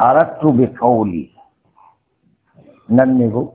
أردت بقولي ننبو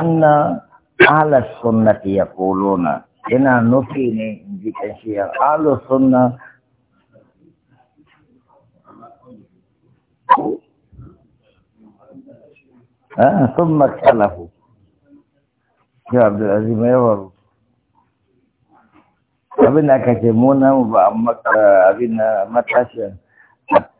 أن أهل السنة يقولون إن نفيني بكشية أهل السنة ثم اختلفوا يا عبد العزيز ما يورد abin da aka ce muna ba abin da matashin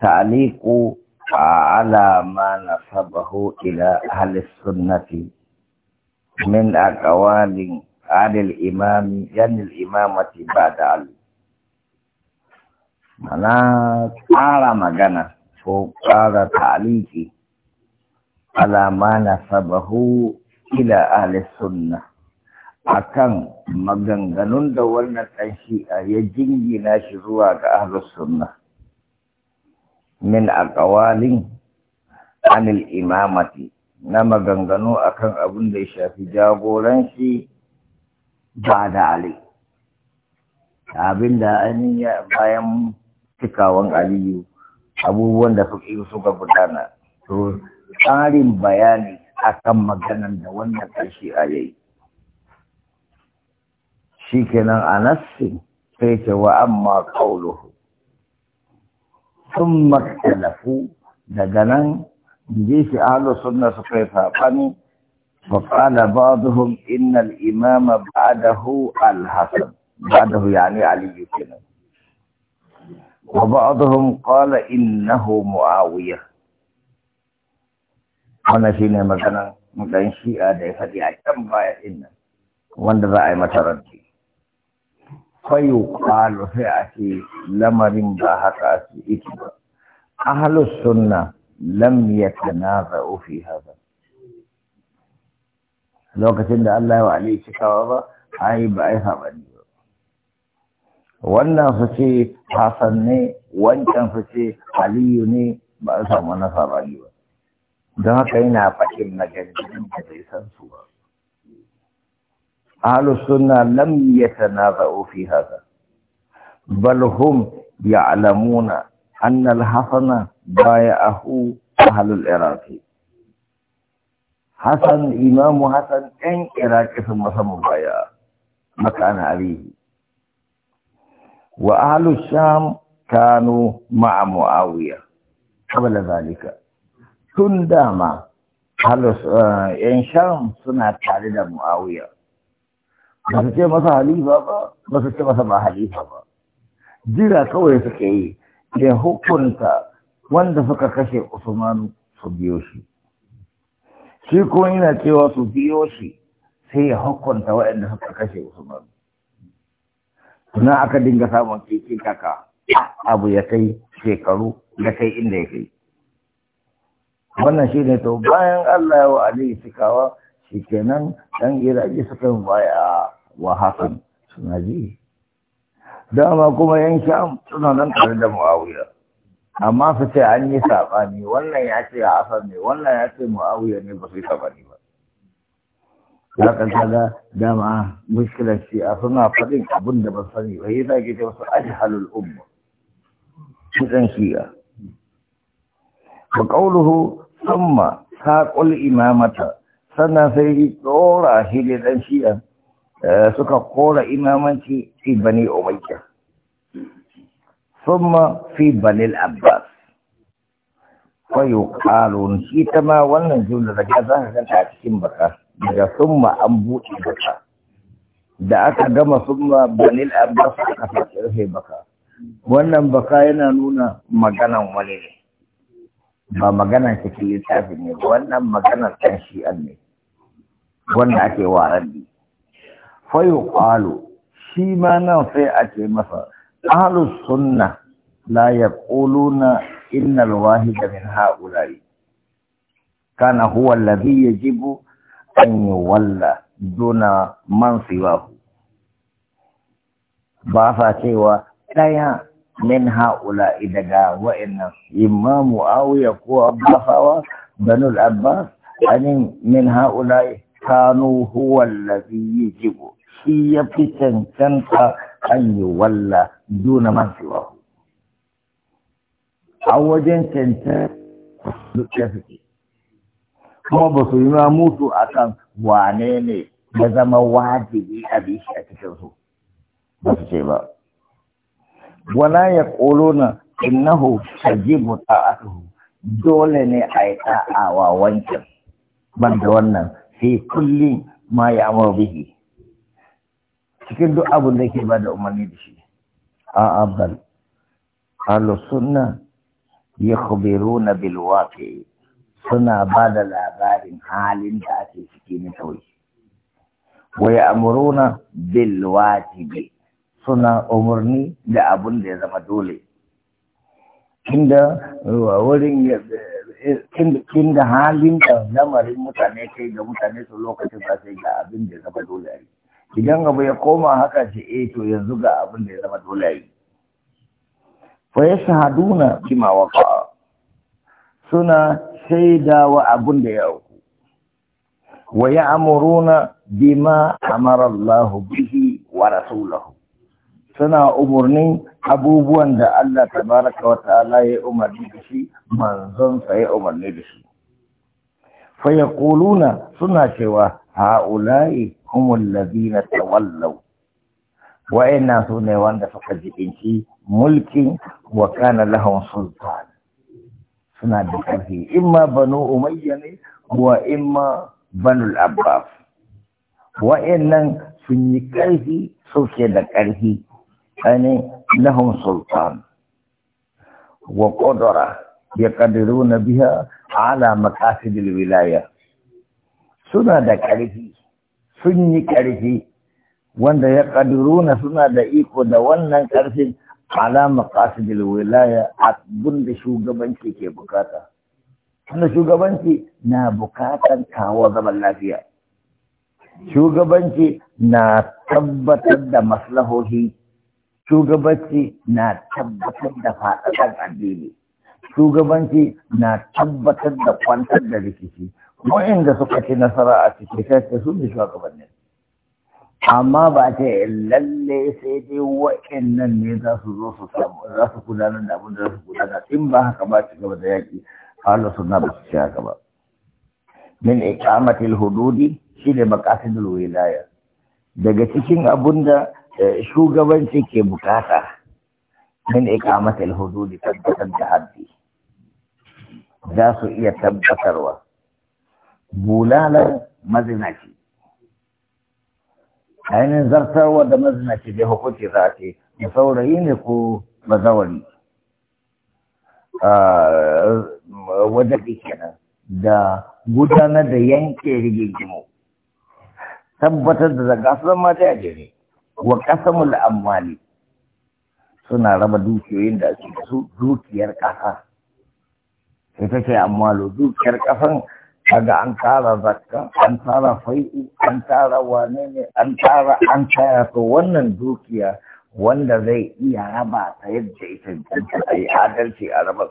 ta'aliku ala ma nasabahu ila ahli sunnati min aqwalin adil imami yanil imamati ba'da ali mana ƙara magana ko ƙara ta'aliki ala ma nasabahu ila ahli sunnah akan maganganun da wannan ɗanshi a ya jingina shi zuwa ga ahlus sunna min aqwalin anil imamati na maganganu akan abin da ya shafi jagoranci ba da ali abin da ya bayan cikawan aliyu abubuwan da suka gudana to tsarin bayani akan maganan da wannan ɗan a yayi شيكنان أنس فيت وأما قوله ثم اختلفوا دقنان نجيش أهل السنة سقيفة فاني فقال بعضهم إن الإمام بعده الحسن بعده يعني علي كنا وبعضهم قال إنه معاوية وانا سينا مثلا مثلا شيئا دي فتي عجم بايا إنا وانا رأي مثلا fayu kwalo sai a ce lamarin ba haka su iki ba ahalus sunna lam na fi haza. lokacin da Allah ya wa Ali cikawa ba ai ba ai sabani ba wannan su ce Hassan ne wancan su ce Aliyu ne ba a samu nasara ba don haka yana fakin na gangan da bai san su ba أهل السنة لم يتنازعوا في هذا بل هم يعلمون أن الحسن بايعه أهل العراق حسن إمام حسن إن عراق ثم ثم بايع مكان عليه وأهل الشام كانوا مع معاوية قبل ذلك داما أهل الشام آه، سنة تاريخ معاوية ba ce masa halifa ba ba ce masa ba halifa ba jira kawai suke yi ya hukunta wanda suka kashe usmanu su biyo shi shi kuma yana cewa su biyo shi sai ya hukunta waɗanda suka kashe usmanu Suna aka dinga samun keke kaka abu ya kai shekaru da kai inda ya kai wannan shi ne to bayan allah ya wa alihi sikawa shikenan ɗan iraki suka baya wa hakan suna ji dama kuma yan sham suna nan tare da mu'awiya amma su ce an yi saɓani wannan ya ce a asar ne wannan ya ce mu'awiya ne ba su yi saɓani ba kanta da dama mushkilar shi a suna faɗin abin da ba sani ba yi zage ta wasu ajhalul umma kusan ba wa sun ma saƙul imamata sannan sai dora shi da ɗan shi'a eh, suka kora imamanci fi bani umayya summa fi bani abbas fa yuqalu shi ta wannan jumla da za ka ganta a cikin baka daga summa an buɗe baka da aka gama summa bani abbas aka fashe rufe baka wannan baka yana nuna maganan wani ne ba maganar cikin littafi ne wannan maganar kan shi an ne wanda ake wa rabbi fayu ƙwalo shi ma nan sai a ce masa ƙalu sunna la ya na innal wahida min ha'ulari kana huwa alladhi yajibu an walla duna man siwahu ba sa cewa ɗaya min haula daga wa'annan imma mu'awiya ko abbasawa banul abbas anin min ha'ula'i kanu huwa allazi yajibu shi ya fi cancanta an yi walla duna man siwahu a wajen cancanta duk ya fi kuma ba su yi ma mutu a kan wane ne ya zama wajibi a bishi a cikin su ba su ce ba wala ya ƙolona innahu tajibu ta'atuhu dole ne a yi ta'awa wancan ban da wannan sai kulli ma ya amur bihi cikin duk abin da ke ba da umarni da shi a abdal alusunna ya kubiru na bilwaƙe suna ba da labarin halin da ake ciki na kawai wa ya amuruna suna umarni da abun da ya zama dole inda eh, halin da lamarin mutane kai ga mutane su lokacin ba sai ga abin da ya zama dole a yi idan abu ya koma haka ce e to yanzu ga abin da ya zama dole a yi fa ya yashhaduna bima waqa suna shaidawa abin da ya auku wa ya'muruna bima amara Allah bihi wa rasulahu suna umarnin abubuwan da Allah tabaraka wa ta'ala ya umarni da shi sa ya umarni da shi fa yaquluna suna cewa haula'i humul ladina tawallaw wa inna sunne wanda suka jibinci mulkin wa kana lahum sultan suna da karfi imma banu umayya ne wa imma banu al-abbas wa innan sun yi karfi suke da karfi ainihin lahum sultan wa ƙudura ya ƙadiru ala makasidil wilaya suna da ƙarfi sun yi ƙarfi wanda ya na suna da iko da wannan ƙarfin ala makasidil wilaya abin da shugabanci ke bukata wanda shugabanci na bukatan kawo zaman lafiya shugabanci na tabbatar da maslahohi shugabanci na tabbatar da faɗaɗar addini shugabanci na tabbatar da kwantar da rikici da suka ci nasara a cikin sai su ne shugabanni amma ba ta lalle sai dai nan ne za su zo su samu za su gudanar da abin da za su gudanar in ba haka ba ci gaba da yaƙi Hala suna ba su ci haka ba min ikamatil hududi ne maqasidul wilaya daga cikin abunda shugabanci ke bukata min ikamatul hududi tabbatan da haddi za su iya tabbatarwa bulalar mazinaci ainihin zartarwa da mazinaci da hukunci za a ce da saurayi ne ko bazawari ah, wajen kenan da gudanar da yanke rigingimu tabbatar da zaga su zama ta wa kasamul amwali suna raba dukiyoyin da ake da su dukiyar ƙasa sai ta ce amwalo dukiyar ƙasan kaga an tara zakka an tara fai'u an tara wane ne an tara an tara to wannan dukiya wanda zai iya raba ta yadda ita ce a yi adalci a raba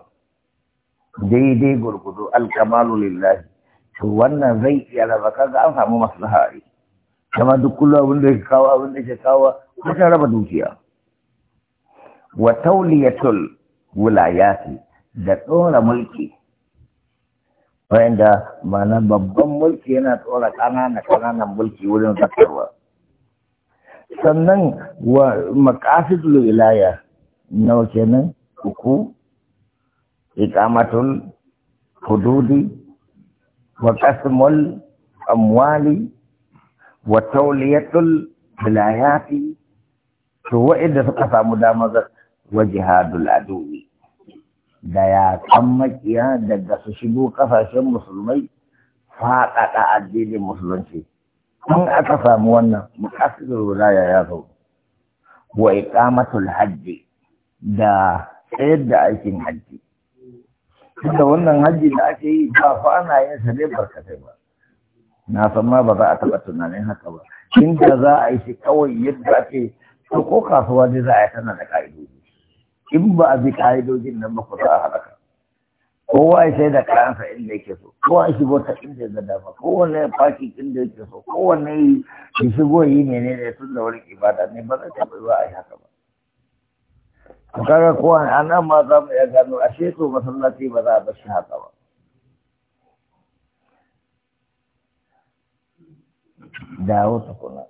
daidai gurgudu alkamalu lillahi to wannan zai iya raba kaga an samu maslaha kama duk kullum abin da ke kawo abin da ke kawo kusan raba dukiya wa tauliyatul wulayati da tsora mulki wanda mana babban mulki yana tsora ƙananan ƙananan mulki wurin zakarwa sannan wa makasidul wilaya nawa kenan uku ikamatul hududi wa kasmul amwali وتولية الولايات هو إذا فقط مدامزة وجهاد العدو دا يا تمك يا دا تسشبو قفاش مسلمي فاقق أدين مسلم شيء أن أتفا موانا مقاسد الولاية يا ذو وإقامة الحج دا إيد دا أيشين حج إذا وانا حج دا أشي فأنا يسلي بركة الله na san ma ba za a taɓa tunanin haka ba shin da za a yi shi kawai yadda ake to ko kasuwa ne za a yi tana da ka'idoji in ba a bi ka'idojin nan ba ku za a halaka kowa ya sai da kayansa inda yake so kowa ya shigo ta inda ya zada ba kowanne faki inda yake so kowanne ya shigo yi mene ne tun da wurin ibada ne ba zai taɓa ba a yi haka ba to kaga kowa a nan ma za mu iya gano ashe to masallaci ba za a bar shi haka ba dawo kuna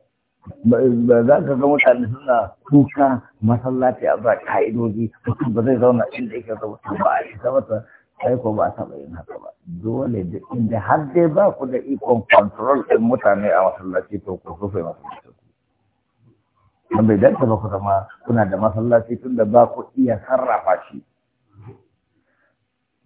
ba za ka ga mutane suna kuka masallaci a ba ka'idoji mutum ba zai zauna inda yake ta ba a isa mata sai ko ba taɓa yin haka ba dole inda har dai ba ku da ikon kontrol ɗin mutane a masallaci to ku rufe masallaci ku bai ta ba ku zama kuna da masallaci tun da ba ku iya sarrafa shi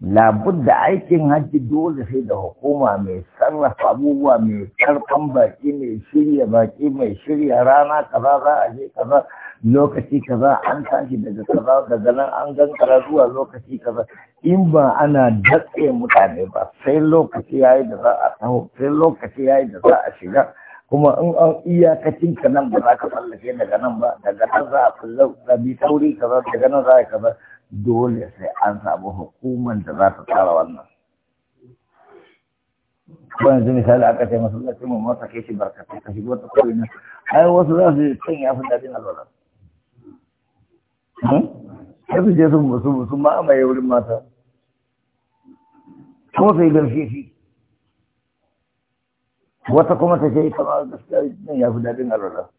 da aikin hajji dole sai da hukuma mai sarrafa abubuwa mai karfan baki mai shirya baki mai shirya rana kaza za a je kaza lokaci kaza an tashi daga kaza daga nan an gankara zuwa lokaci kaza in ba ana datse mutane ba sai lokaci ya da za a taho sai lokaci ya da za a shiga kuma in an iyakacin ka nan ba za ka tsallake daga nan ba daga nan za a fi sauri kaza daga nan za a kaza dole sai an samu hukumar da za ta tsara wannan ko yanzu misali aka ce lafi mu mota ke shi barkatai ka shigo ta kawai na ai wasu za su yi can ya fi daɗin alwala Ya hmm? su je sun amma ya wurin mata ko sai garfe shi wata kuma ta ce ita ma gaskiya ya fi daɗin alwala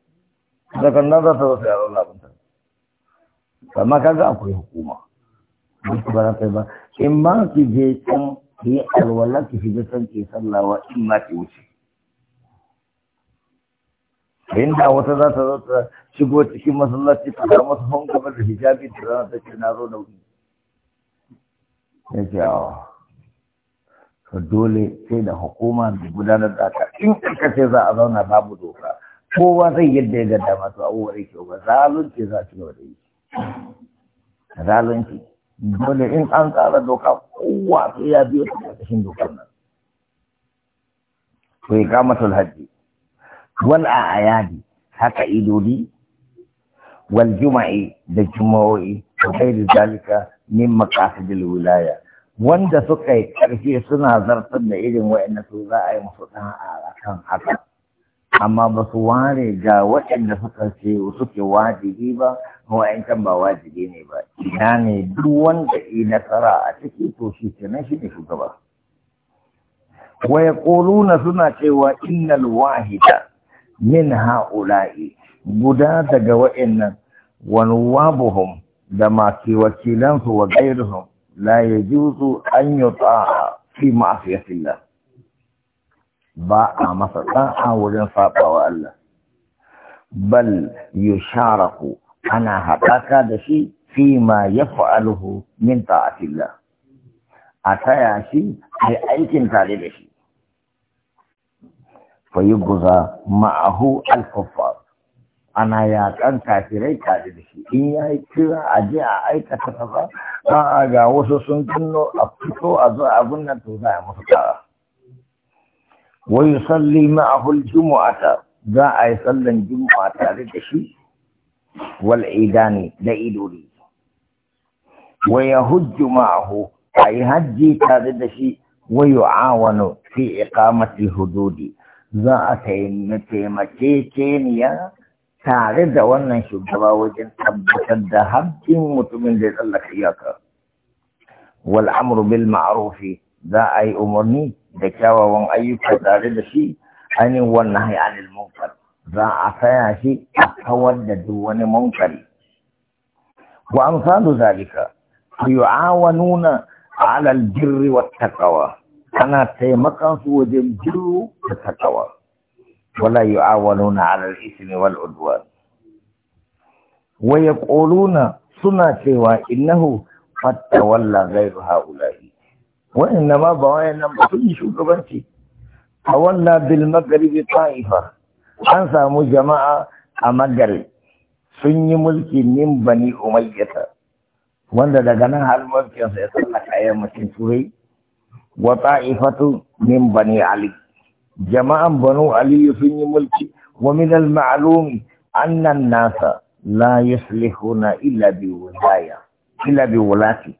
daga nan za ta wasu yaron labin za kaga akwai hukuma ba za ba in ma ki je can ki yi alwala ki fi can ki sallawa in ma ki wuce da wata za ta zo ta shigo cikin masallaci ta ga masu hon gaba da hijabi da rana ta ce na zo da wuce ya ce awa to dole sai da hukuma da gudanar da ta in ka ce za a zauna babu doka kowa zai yadda ya ga dama to abubuwa yake ba zalunci za a ci gaba da yi zalunci dole in an tsara doka kowa sai ya biyo ta ƙarƙashin dokar nan to ya kama hajji wal a ayadi haka idodi wal juma'i da juma'o'i da kai zalika min maqasidil wilaya wanda suka yi ƙarfi suna zartar da irin wa'annan su za a yi musu ɗan a kan haka amma ba su ware ga waɗanda suka ce suke wajibi ba wa'ancan ba wajibi ne ba ina ne duk wanda yi nasara a ciki to shi nan shi ne shugaba wa yaquluna suna cewa innal wahida min haula'i guda daga waɗannan wa wabuhum da ke wakilansu wa gairuhum la yajuzu an yuta'a fi ma'siyatillah ba a masa a wurin saɓawa Allah bal yusharaku ana haɗaka da shi fi ma ya fa'aluhu min ta'atillah a taya shi a aikin tare da shi fayuguza ma'ahu alfafar. ana yakan kafirai tare da shi in ya kira a je a aikata kaza a ga wasu sun kunno a fito a zo abin nan to za a musu kara ويصلي معه الجمعة ذا أي صلى الجمعة تاردشي والعيدان لإيدولي ويهج معه أي هجي تاردشي ويعاون في إقامة الحدود ذا أتيم يا تارد وانا شبرا وجن تبت هجي متمن من ذلك والأمر بالمعروف da ay yi umarni da kyawawan ayyuka tare da shi ani wannan hayanil munkar za a saya shi a kawar da duk wani munkari wa amsalu zalika yu'awanuna ala al albirri wat taqwa ana taimakan su wajen jiru da taqwa wala yu'awanuna ala al-ithmi wal udwan wa yaquluna suna cewa innahu qad tawalla ghayru haula'i wa'inda ma ba wayan nan ba kuɗi shugabanci a wannan bil magaribi ta'ifa an samu jama'a a magarib sun yi mulki min bani umayyata wanda daga nan har mulkinsa ya tsallaka yammacin turai wa ta'ifatu min bani ali jama'an banu ali sun yi mulki wa min al-ma'lumi anna an-nasa la yuslihuna illa bi wilaya illa bi wulati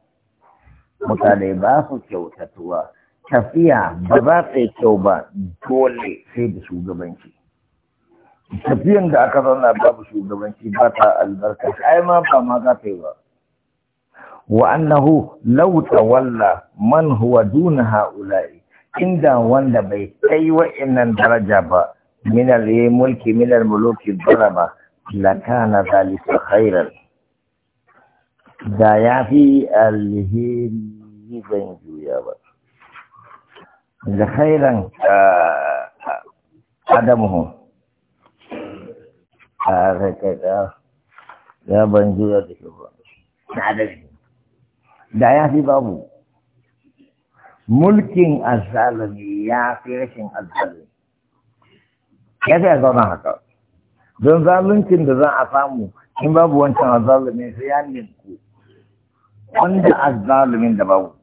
mutane ba su kyautatuwa tafiya ba za ta yi kyau ba dole sai da shugabanci tafiyan da aka zauna babu shugabanci ba ta albarka ai ma ba ma za ta yi ba wa annahu law tawalla man huwa duna haula'i inda wanda bai kai wa'annan daraja ba min al-mulki min al-muluki daraba la kana zalika khairan da yafi alheri yi zan juya ba da khairan ah, Adamu, ah, a da ya ban juya da shi ba na da shi da ya fi babu mulkin azalami ya fi rashin azalami. ya fi azalami haka don zaluncin da za a samu in babu wancan azalami sai ya ninku wanda azzalumin da babu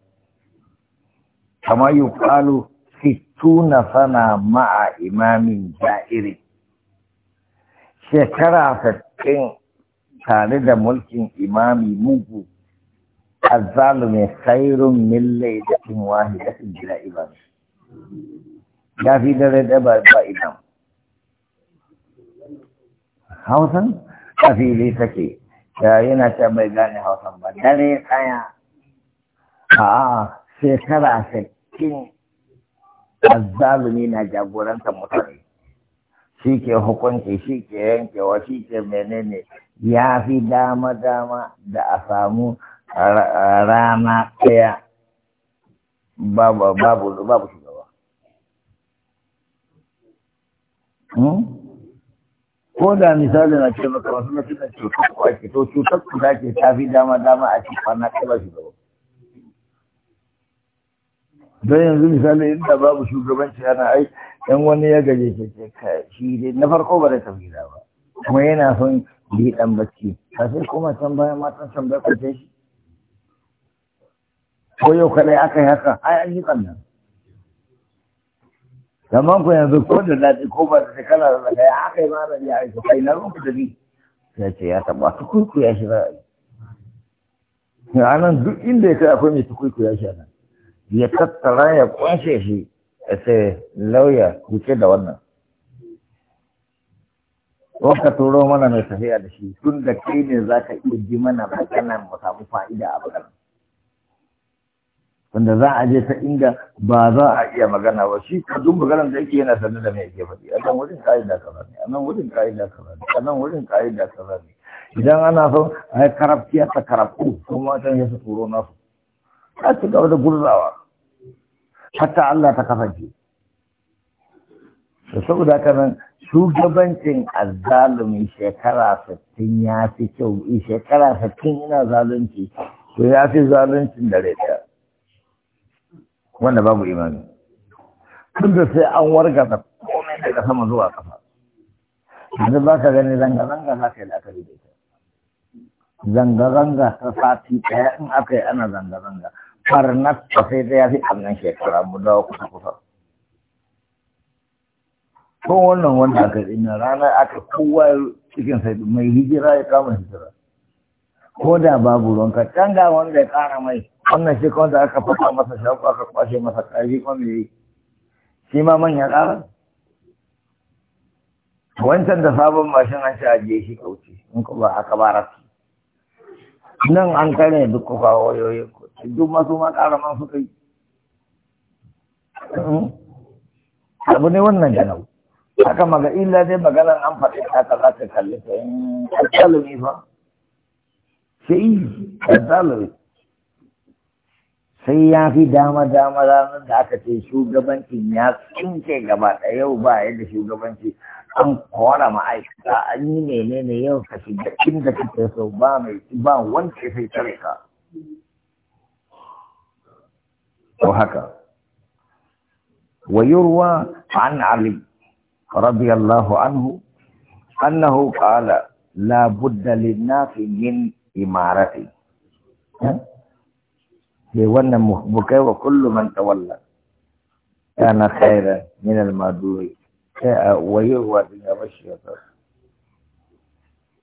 kama yi kwalo fana ma'a imamin ja'iri shekara sattin tare da mulkin imami mugu azzalumin sairun millai da cin wahidatin gida ibami ya fi dare da ba idan hausan a fili take Yayi na ta bai gane hausan ba dare tsaya a shekara sittin azzalumi na jagorantar mutane shi ke hukunci shi ke yankewa shi ke menene ya fi dama-dama da a samu rana ɗaya babu babu ko da misali na ce maka wasu na suna cutar ku ake to cutar ku ta fi dama dama a ci kwana kala shugaba don yanzu misali inda babu shugabanci yana ai dan wani ya gaje ke ce shi dai na farko ba da tafi da ba kuma yana son bi dan bacci ka sai kuma can bayan matan can bai kwace shi ko yau kaɗai aka yi haka ai an yi kannan zaman ku yanzu ko da ji ko ba da kana da kai ya aka yi ma da ya aiki kai na ruku da ni sai ce ya taɓa tukurku ya shi ra'ayi a nan duk inda ya kai akwai mai tukurku ya shi nan ya tattara ya kwashe shi ya ce lauya ce da wannan Wanka turo mana mai tafiya da shi tun da kai ne za ka iya ji mana maganan mu samu fa'ida a bakanan. wanda za a je ta inda ba za a iya magana ba shi ka duk maganar da yake yana sanar da mai yake faɗi a nan wurin da kaza ne a nan wurin da kaza ne a nan wurin da kaza ne idan ana son a yi karafiya ta karafu kuma matan ya su turo nasu a ci gaba da gurzawa hatta Allah ta kasance da saboda haka nan shugabancin azzalumi shekara sittin ya fi kyau shekara sittin ina zalunci to ya fi zaluncin da rai ɗaya wanda babu imani tun da sai an warga da komai daga sama zuwa kafa yanzu ba ka gani zanga-zanga za ka yi la'akari da ita zanga-zanga ta sati ɗaya in aka yi ana zanga-zanga farnar ta sai ta yafi annan shekara mu dawo kusa kusa ko wannan wanda aka yi na ranar aka kowa cikin sai mai hijira ya kama hijira ko da babu ruwanka can ga wanda ya kara mai wannan shi kawai da aka fata masa shafu aka kwashe masa ƙarfi kuma me yi shi ma manya ƙara wancan da sabon mashin an shi ajiye shi kauce in ku ba aka ba rasu nan an kare duk kuka, kawo wayoyin ku duk masu ma ƙara man suka yi hmm? abu ne wannan ganau haka maga illa dai maganar an faɗi ta ka za ta kalli ta kalli ne fa sai azzalari sai ya fi dama dama ranar da aka ce shugabancin ya tsinke gaba ɗaya yau ba yadda shugabanci an kora ma'aikata an yi menene yau ka shiga inda kake so ba mai ba wanda sai tare ka ko haka ويروى عن علي رضي الله عنه أنه قال لا بد للناس من imarati sai wannan mukai wa kullu man tawalla kana khairan min al-maduri sai a wayewa din ya bashi ya tsaro